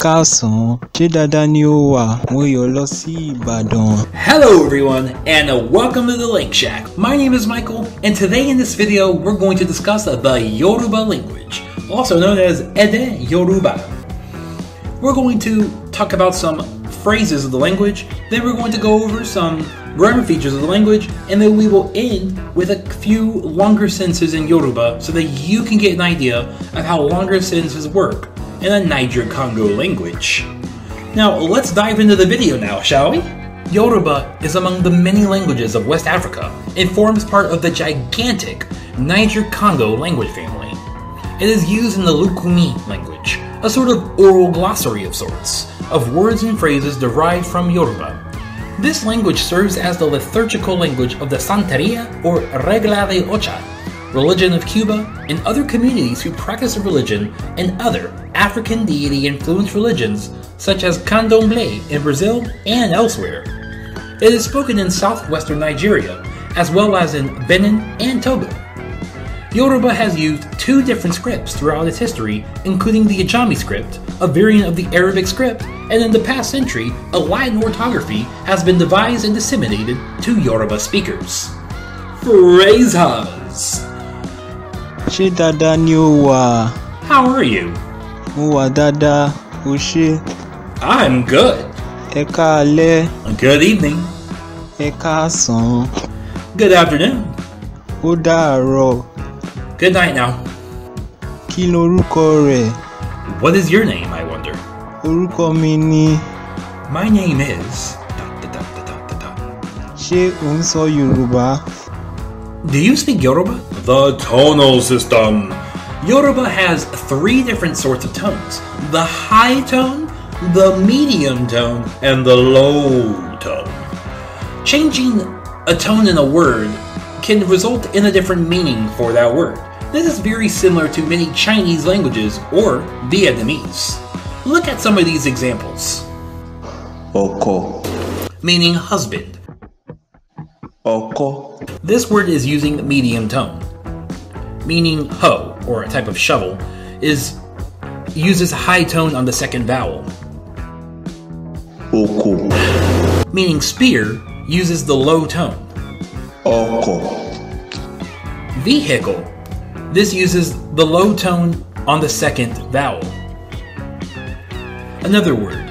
Hello everyone and welcome to the Link Shack. My name is Michael and today in this video we're going to discuss the Yoruba language, also known as Ede Yoruba. We're going to talk about some phrases of the language, then we're going to go over some grammar features of the language, and then we will end with a few longer sentences in Yoruba so that you can get an idea of how longer sentences work in a Niger-Congo language. Now, let's dive into the video now, shall we? Yoruba is among the many languages of West Africa. It forms part of the gigantic Niger-Congo language family. It is used in the Lukumi language, a sort of oral glossary of sorts, of words and phrases derived from Yoruba. This language serves as the liturgical language of the Santeria or Regla de Ocha Religion of Cuba, and other communities who practice a religion and other African deity influenced religions such as Candomblé in Brazil and elsewhere. It is spoken in southwestern Nigeria as well as in Benin and Togo. Yoruba has used two different scripts throughout its history, including the Ajami script, a variant of the Arabic script, and in the past century, a Latin orthography has been devised and disseminated to Yoruba speakers. Phrases she dáadáa ni ó wà? How are you? Mo wà dáadáa, o ṣé. I'm good. Ẹ káalẹ́. Good evening. Ẹ káàsán. Good afternoon. Ó dàárọ̀. Good night now. Kí rẹ̀? What is your name, I wonder? uruko mini My name is. Ṣé o ń sọ Yorùbá? Do you speak Yoruba? The tonal system. Yoruba has three different sorts of tones the high tone, the medium tone, and the low tone. Changing a tone in a word can result in a different meaning for that word. This is very similar to many Chinese languages or Vietnamese. Look at some of these examples. Oko. Meaning husband. Oko. This word is using medium tone meaning hoe, or a type of shovel, is uses a high tone on the second vowel. Oko. Meaning spear uses the low tone. Oko. Vehicle. This uses the low tone on the second vowel. Another word.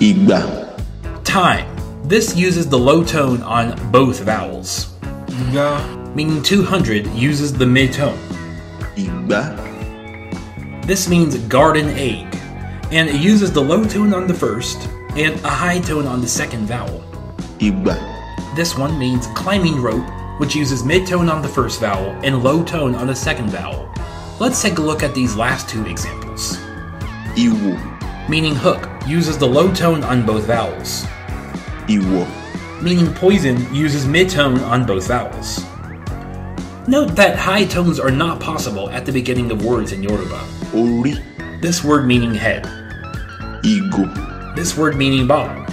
Igba. Time. This uses the low tone on both vowels. Nga meaning 200 uses the mid-tone. This means garden egg, and it uses the low tone on the first and a high tone on the second vowel. This one means climbing rope, which uses mid-tone on the first vowel and low tone on the second vowel. Let's take a look at these last two examples. Iwo, meaning hook, uses the low tone on both vowels. Iwo, meaning poison, uses mid-tone on both vowels. Note that high tones are not possible at the beginning of words in Yoruba. Ori. This word meaning head. Igo. This word meaning bottom.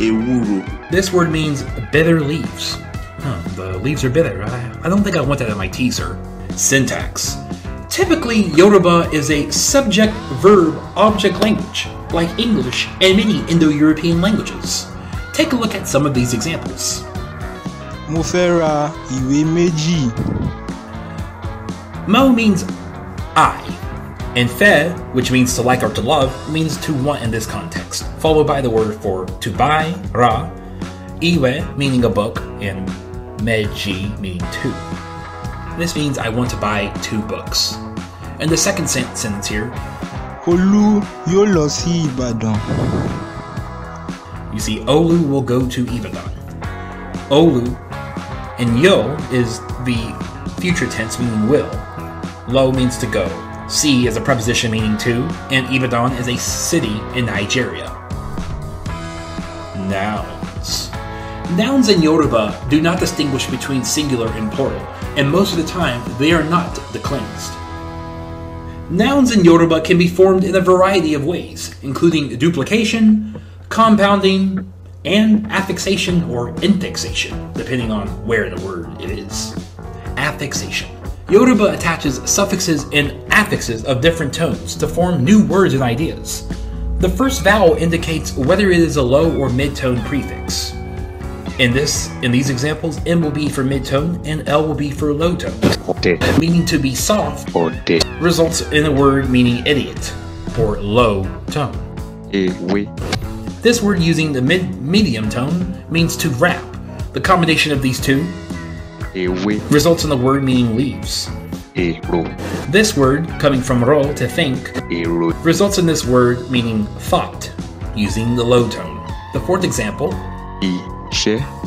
Ewuro. This word means bitter leaves. Huh, the leaves are bitter. I, I don't think I want that in my teaser. Syntax. Typically, Yoruba is a subject verb object language, like English and many Indo European languages. Take a look at some of these examples mo fẹ́ ra ìwé méjì. Mo means I, and fe, which means to like or to love, means to want in this context, followed by the word for to buy, ra, iwe, meaning a book, and meji, meaning two. This means I want to buy two books. And the second sentence here, Olu yóò lọ sí Ìbàdàn. You see, Olu will go to Ibadan. Olu and yo is the future tense meaning will. Lo means to go. Si is a preposition meaning to, and Ibadan is a city in Nigeria. Nouns. Nouns in Yoruba do not distinguish between singular and plural, and most of the time they are not declensive. Nouns in Yoruba can be formed in a variety of ways, including duplication, compounding, and affixation or infixation, depending on where the word it is. Affixation. Yoruba attaches suffixes and affixes of different tones to form new words and ideas. The first vowel indicates whether it is a low or mid-tone prefix. In this, in these examples, M will be for mid-tone and L will be for low tone. Meaning to be soft results in a word meaning idiot or low tone. This word using the mid medium tone means to wrap. The combination of these two results in the word meaning leaves. This word, coming from ro to think, results in this word meaning thought, using the low tone. The fourth example,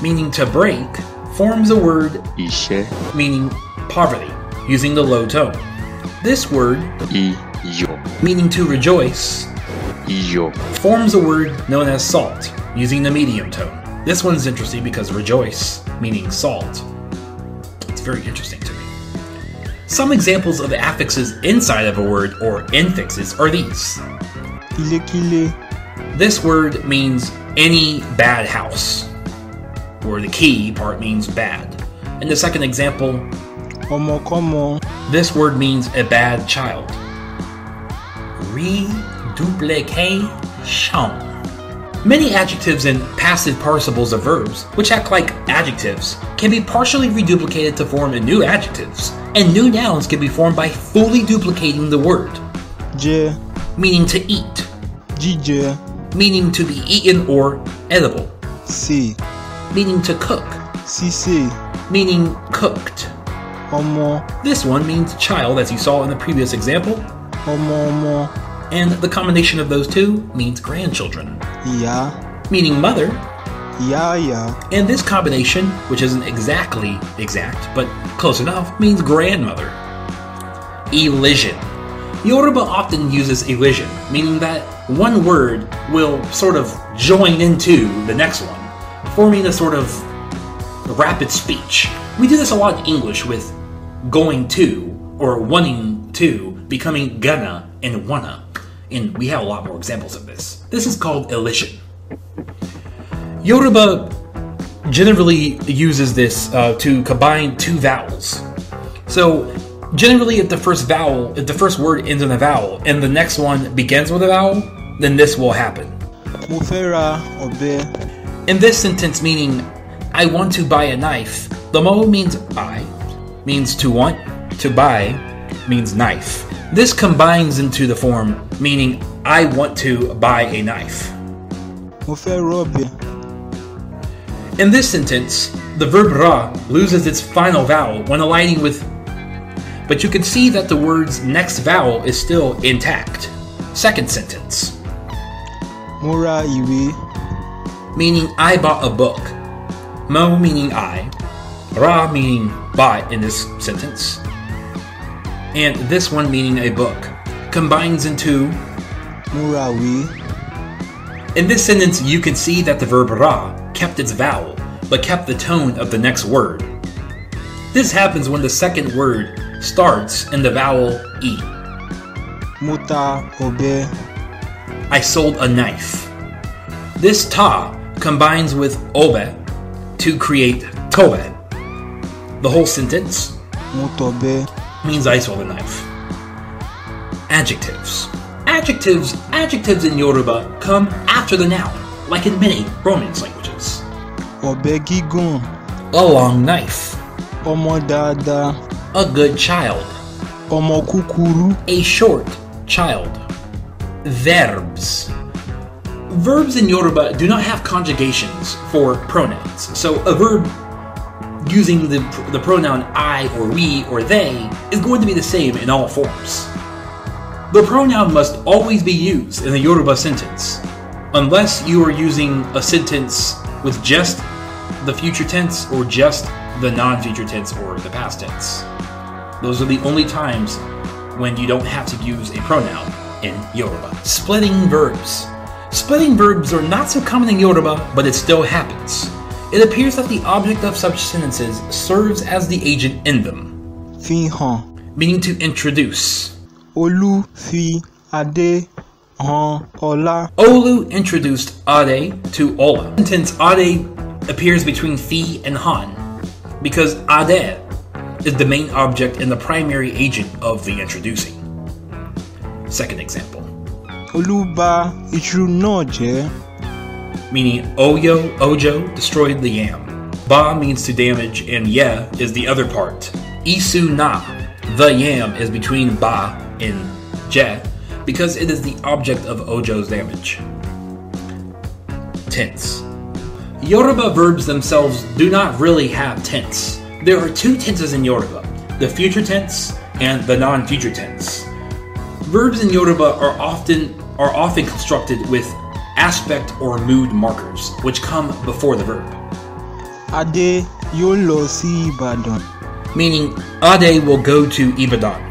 meaning to break, forms a word meaning poverty, using the low tone. This word, meaning to rejoice, Forms a word known as salt, using the medium tone. This one's interesting because rejoice, meaning salt. It's very interesting to me. Some examples of affixes inside of a word or infixes are these. Kile kile. This word means any bad house, where the key part means bad. In the second example, This word means a bad child. Re duplication. Many adjectives and passive participles of verbs, which act like adjectives, can be partially reduplicated to form new adjectives, and new nouns can be formed by fully duplicating the word. Je. Meaning to eat. Jije. Meaning to be eaten or edible. Si. Meaning to cook. si. Meaning cooked. Omo. This one means child, as you saw in the previous example. Homo, homo and the combination of those two means grandchildren. Yeah. Meaning mother. Yeah, yeah. And this combination, which isn't exactly exact, but close enough, means grandmother. Elision. Yoruba often uses elision, meaning that one word will sort of join into the next one, forming a sort of rapid speech. We do this a lot in English with going to or wanting to becoming gonna and wanna, and we have a lot more examples of this. This is called elision. Yoruba generally uses this uh, to combine two vowels. So generally, if the first vowel, if the first word ends in a vowel, and the next one begins with a vowel, then this will happen. In this sentence, meaning I want to buy a knife, the mo means I, means to want, to buy, means knife. This combines into the form meaning I want to buy a knife. In this sentence, the verb ra loses its final vowel when aligning with, but you can see that the word's next vowel is still intact. Second sentence. Meaning I bought a book. Mo meaning I. Ra meaning buy in this sentence and this one meaning a book, combines into Murawi. In this sentence, you can see that the verb ra kept its vowel, but kept the tone of the next word. This happens when the second word starts in the vowel e. Muta obe. I sold a knife. This ta combines with obe to create tobe. The whole sentence. Mutobe means I saw the knife. Adjectives. Adjectives, adjectives in Yoruba come after the noun, like in many Romance languages. Obegigun, A long knife. Omodada, A good child. Ọmọ kúkúrú. A short child. Verbs. Verbs in Yoruba do not have conjugations for pronouns, so a verb using the, the pronoun I or we or they is going to be the same in all forms. The pronoun must always be used in a Yoruba sentence, unless you are using a sentence with just the future tense or just the non future tense or the past tense. Those are the only times when you don't have to use a pronoun in Yoruba. Splitting verbs. Splitting verbs are not so common in Yoruba, but it still happens. It appears that the object of such sentences serves as the agent in them. Fi hàn. Meaning to introduce. Olu fi Ade hàn Ọlá. Olu introduced Ade to Ola. Sentence Ade appears between fi and han because Ade is the main object and the primary agent of the introducing. Second example. Olu bà ìṣù jẹ́ meaning Oyo Ojo destroyed the yam. Ba means to damage, and Ye is the other part. Isu Na, the yam, is between Ba and Je because it is the object of Ojo's damage. Tense. Yoruba verbs themselves do not really have tense. There are two tenses in Yoruba the future tense and the non future tense. Verbs in Yoruba are often are often constructed with aspect or mood markers, which come before the verb. Ade sí Ibadan. Meaning, Ade will go to Ibadan.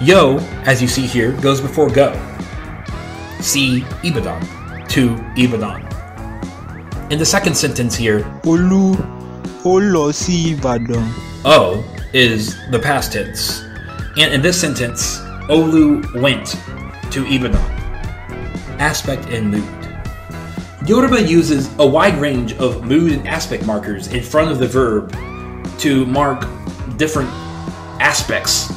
Yo, as you see here, goes before go. See Ibadan. To Ibadan. In the second sentence here, Olu ó sí Ibadan. O is the past tense. And in this sentence, Olu went to Ibadan. Aspect and mood. Yoruba uses a wide range of mood and aspect markers in front of the verb to mark different aspects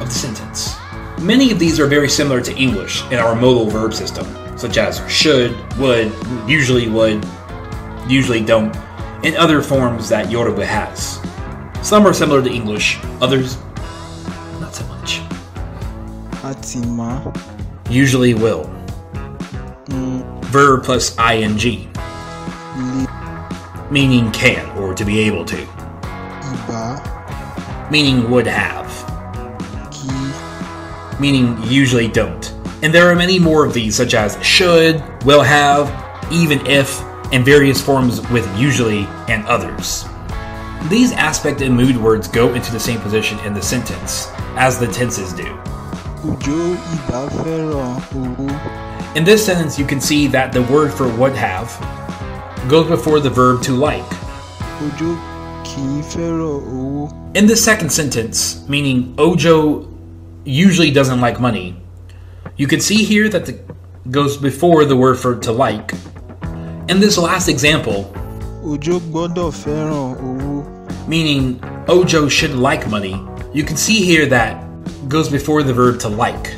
of the sentence. Many of these are very similar to English in our modal verb system, such as should, would, usually would, usually don't, and other forms that Yoruba has. Some are similar to English, others not so much. Atima. Usually will verb plus ing, meaning can or to be able to, meaning would have, meaning usually don't. And there are many more of these, such as should, will have, even if, and various forms with usually and others. These aspect and mood words go into the same position in the sentence as the tenses do. In this sentence, you can see that the word for would have goes before the verb to like. Ojo In the second sentence, meaning Ojo usually doesn't like money, you can see here that the goes before the word for to like. In this last example, Ojo Meaning Ojo should like money. You can see here that goes before the verb to like.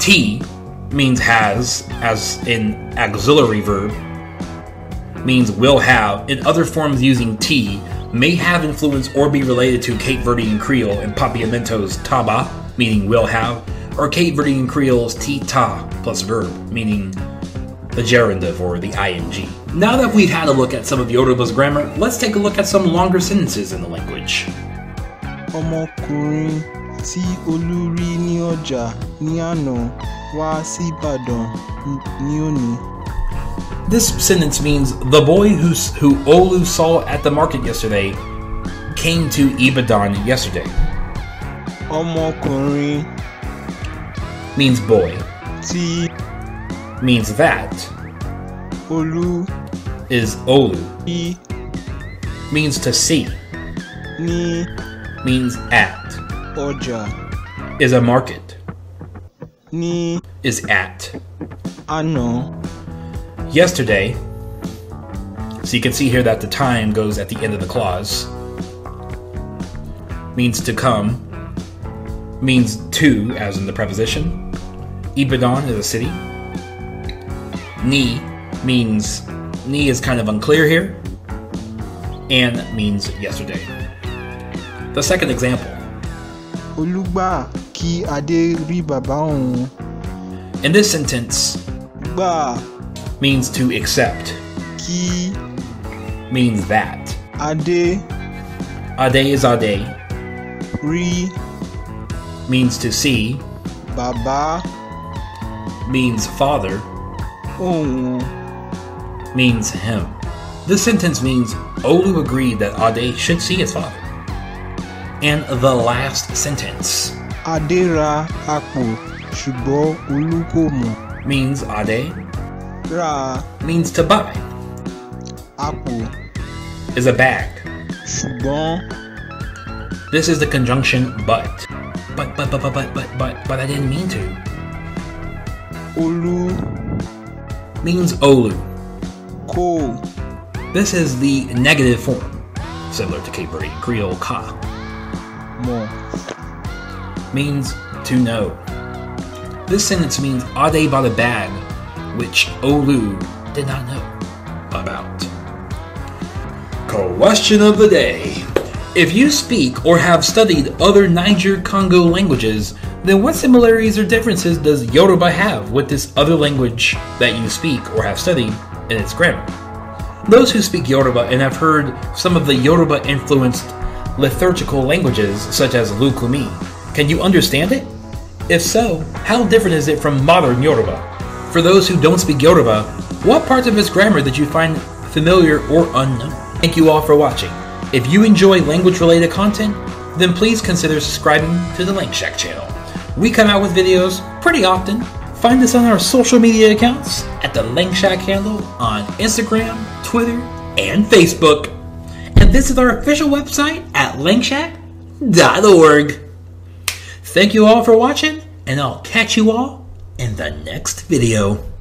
T means has as in auxiliary verb, means will have, in other forms using T, may have influence or be related to Cape Verdean Creole and Papiamento's taba, meaning will have, or Cape Verdean Creole's ti ta plus verb, meaning the gerundive or the ing. Now that we've had a look at some of Yoruba's grammar, let's take a look at some longer sentences in the language. ọmọkùnrin tí oluri ní ọjà ní ano. This sentence means the boy who, who Olu saw at the market yesterday came to Ibadan yesterday. Ọmọkùnrin means boy. Tí means that. Olu is Olu. I means to see. Ní means at. Ọjà is a market is at. I know. Yesterday. So you can see here that the time goes at the end of the clause. Means to come. Means to, as in the preposition. Ibadan is a city. Ni means ni is kind of unclear here. And means yesterday. The second example. Olugba kí Adé rí bàbá òun. In this sentence, gbà means to accept. Kí means that. Adé. Adé is Adé. Rí means to see. Bàbá means father. Òun means him. This sentence means Olu oh, agreed that Ade should see his father. And the last sentence Adé ra àpò ṣùgbọ́n ulu kò means Adé. Ra means to buy. Àpò is a bag. Shubon. This is the conjunction but. But, but, but, but, but, but, but, but I didn't mean to. Olu means Olu. Cool. This is the negative form, similar to Cape Creole ka. Mo means to know. This sentence means Ade bada bag," which Olu did not know about. Question of the day. If you speak or have studied other Niger Congo languages, then what similarities or differences does Yoruba have with this other language that you speak or have studied in its grammar? Those who speak Yoruba and have heard some of the Yoruba influenced liturgical languages, such as Lukumi, can you understand it? If so, how different is it from modern Yoruba? For those who don't speak Yoruba, what parts of its grammar did you find familiar or unknown? Thank you all for watching. If you enjoy language related content, then please consider subscribing to the Link Shack channel. We come out with videos pretty often. Find us on our social media accounts at the Link Shack handle on Instagram, Twitter, and Facebook. And this is our official website at linkshack.org. Thank you all for watching, and I'll catch you all in the next video.